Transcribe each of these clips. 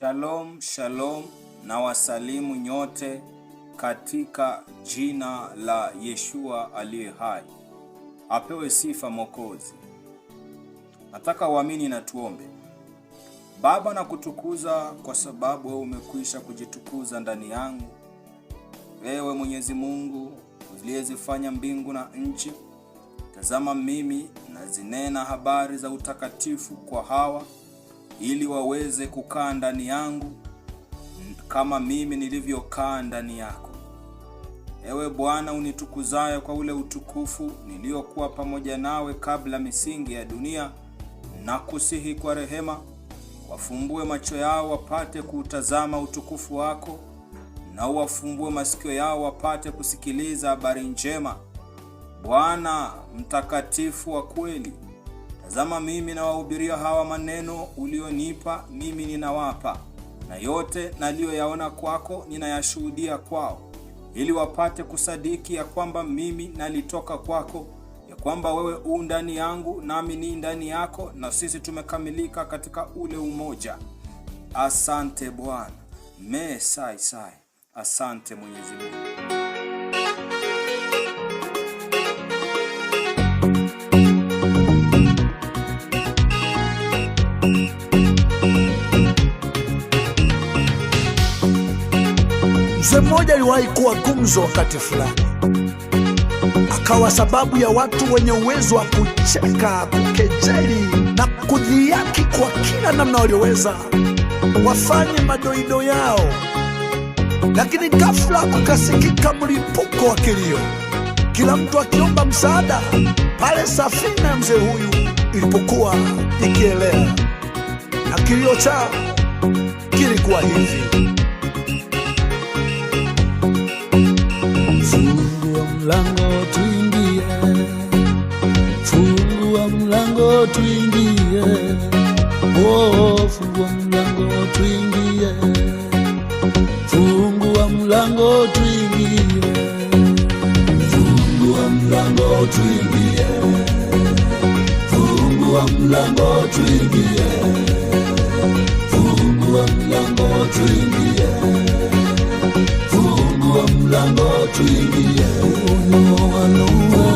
Shalom, shalom na wasalimu nyote katika jina la Yeshua aliye hai. Apewe sifa Mwokozi. Nataka uamini na tuombe. Baba, na kutukuza kwa sababu wewe umekwisha kujitukuza ndani yangu. Wewe Mwenyezi Mungu uliyezifanya mbingu na nchi, tazama mimi nazinena habari za utakatifu kwa hawa ili waweze kukaa ndani yangu kama mimi nilivyokaa ndani yako. Ewe Bwana unitukuzaye kwa ule utukufu niliokuwa pamoja nawe kabla misingi ya dunia, na kusihi kwa rehema, wafumbue macho yao wapate kuutazama utukufu wako, na uwafumbue masikio yao wapate kusikiliza habari njema. Bwana mtakatifu wa kweli Tazama, mimi nawahubiria hawa maneno ulionipa mimi, ninawapa na yote naliyoyaona kwako ninayashuhudia kwao, ili wapate kusadiki ya kwamba mimi nalitoka kwako, ya kwamba wewe u ndani yangu, nami ni ndani yako, na sisi tumekamilika katika ule umoja. Asante Bwana me sai sai, asante Mwenyezi Mungu. Mwanamke mmoja aliwahi kuwa gumzo wakati fulani, akawa sababu ya watu wenye uwezo wa kucheka, kukejeli na kudhiaki kwa kila namna walioweza wafanye madoido yao, lakini ghafla kukasikika mlipuko wa kilio, kila mtu akiomba msaada pale safina ya mzee huyu ilipokuwa ikielea, na kilio chao kilikuwa hivi mlango tuingie, fungua mlango tuingie, fungua mlango tuingie, fungua mlango tuingie, fungua mlango tuingie, oh, no, no, no.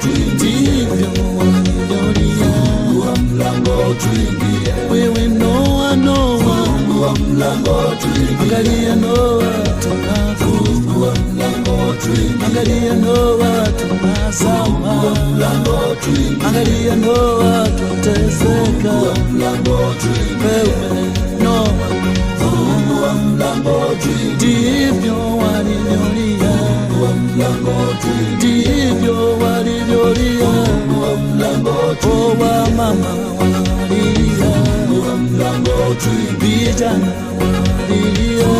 tuingie Fungua mlango tuingie, wewe Noa, Noa angalia Noa tunafungua Noa tunazama, angalia Noa tuteseka kutuibia maadilio,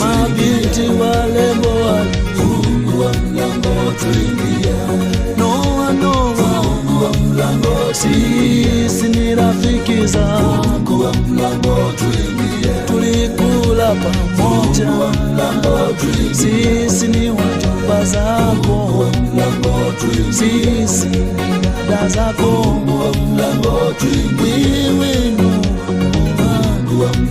mabinti warembo noa noa, sisi ni rafiki zako, tulikula pamoja, sisi ni wajomba zako, sisi dada zako, wewe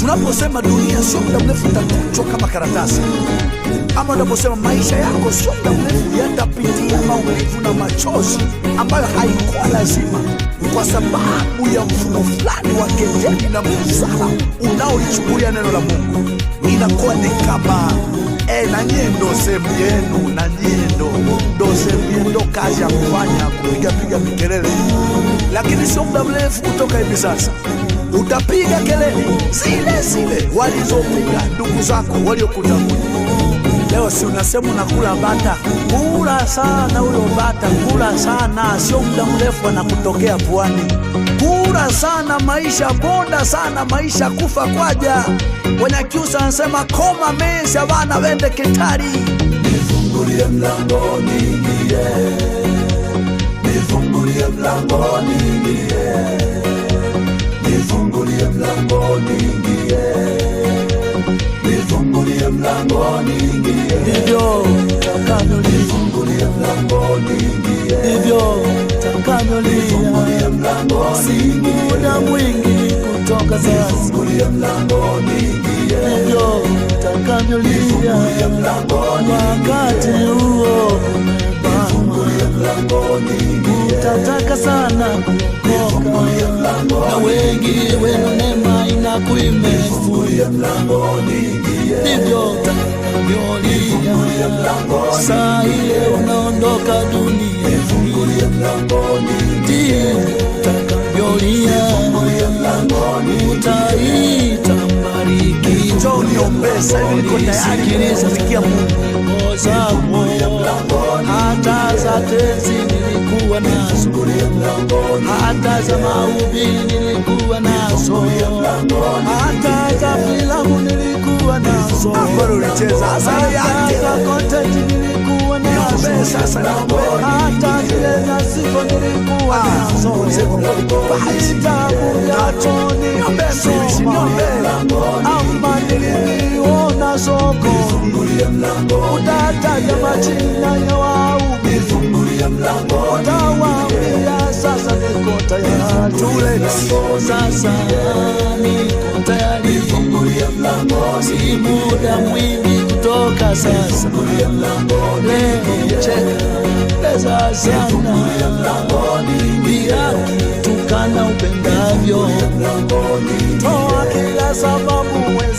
Tunaposema dunia sio muda mrefu itakunjwa kama karatasi, ama unaposema maisha yako sio muda mrefu yatapitia maumivu na machozi ambayo haikuwa lazima kwa sababu ya mfumo fulani wa kejeli na msala unaoichukulia neno la Mungu, inakuwa ni kama eh, na nyie ndo sehemu yenu, na nyie ndo ndo sehemu yenu, ndo kazi ya kufanya kupigapiga mikelele, lakini sio muda mrefu kutoka hivi sasa utapiga kelele zile zile walizopiga ndugu zako waliokutafuta. Leo si unasema unakula bata, kula sana huyo bata, kula sana, sio muda mrefu anakutokea puani. Bora sana maisha, bonda sana maisha, kufa kwaja. Wanyakyusa anasema koma mesi wana wende kitari. Nifungulie mlango niingie nifungulie mlango niingie nifungulie mlango niingie nifungulie mlango niingie ingie, ndivyo nifungulie mlango niingie ndivyo ukaniulia, si muda mwingi kutoka sasa, ndivyo utakavyolia wakati huo utataka sana na wengi wenu neema inakuime, ndivyo utakavyolia saa hii niombe sasa niko tayari kusikia Mungu zangu, hata za tenzi nilikuwa nazo, hata za mauvi nilikuwa nazo, hata za filamu nilikuwa nazo, ah, hata kontenti nilikuwa nazo, hata zile za sifa nilikuwa ah, nazo, vitabu vyako nilisoma soko, utataja majina ya waume, utawaambia sasa niko tayari tule. Sasa niko tayari, si muda mwingi kutoka sasa, leo cheka pesa sana, pia tukana upendavyo, toa kila sababu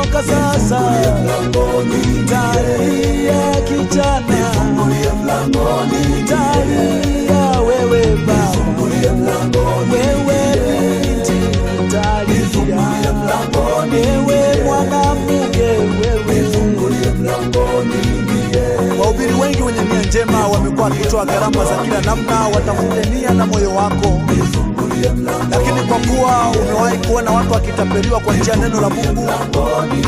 kutoka sasa, tarehe ya kijana, tarehe wewe baba, wewe binti, wewe mwanamke, wewe. Wahubiri wengi wenye nia njema wamekuwa wakitoa gharama za kila namna, watafute na moyo wako kuwa umewahi kuona watu wakitapeliwa kwa njia neno la Mungu,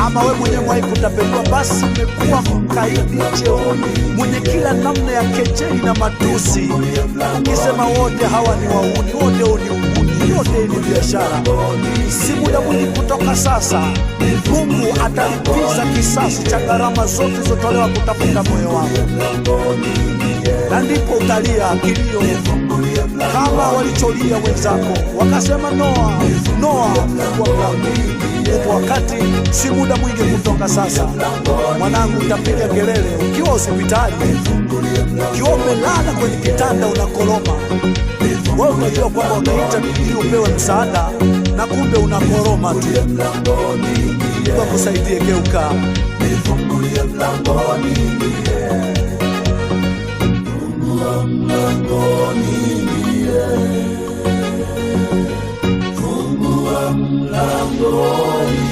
ama we mwenyewe umewahi kutapeliwa, basi umekuwa mkaidi jeoni, mwenye kila namna ya kejeli na matusi, ukisema wote hawa ni wauni, wote uuni yote ni biashara. Si muda mwingi kutoka sasa, Mungu atalipiza kisasi cha gharama zote zotolewa kutafuta moyo wako, na ndipo utalia kilio kama walicholia wenzako, wakasema Noa, Noa, upo wakati, si muda mwingi kutoka sasa. Mwanangu, utapiga kelele ukiwa hospitali, ukiwa umelala kwenye kitanda unakoroma. Wewe unajua kwamba unaita ili upewe msaada na kumbe unakoroma tu. Wakusaidie geuka mlangoni Fungua mlango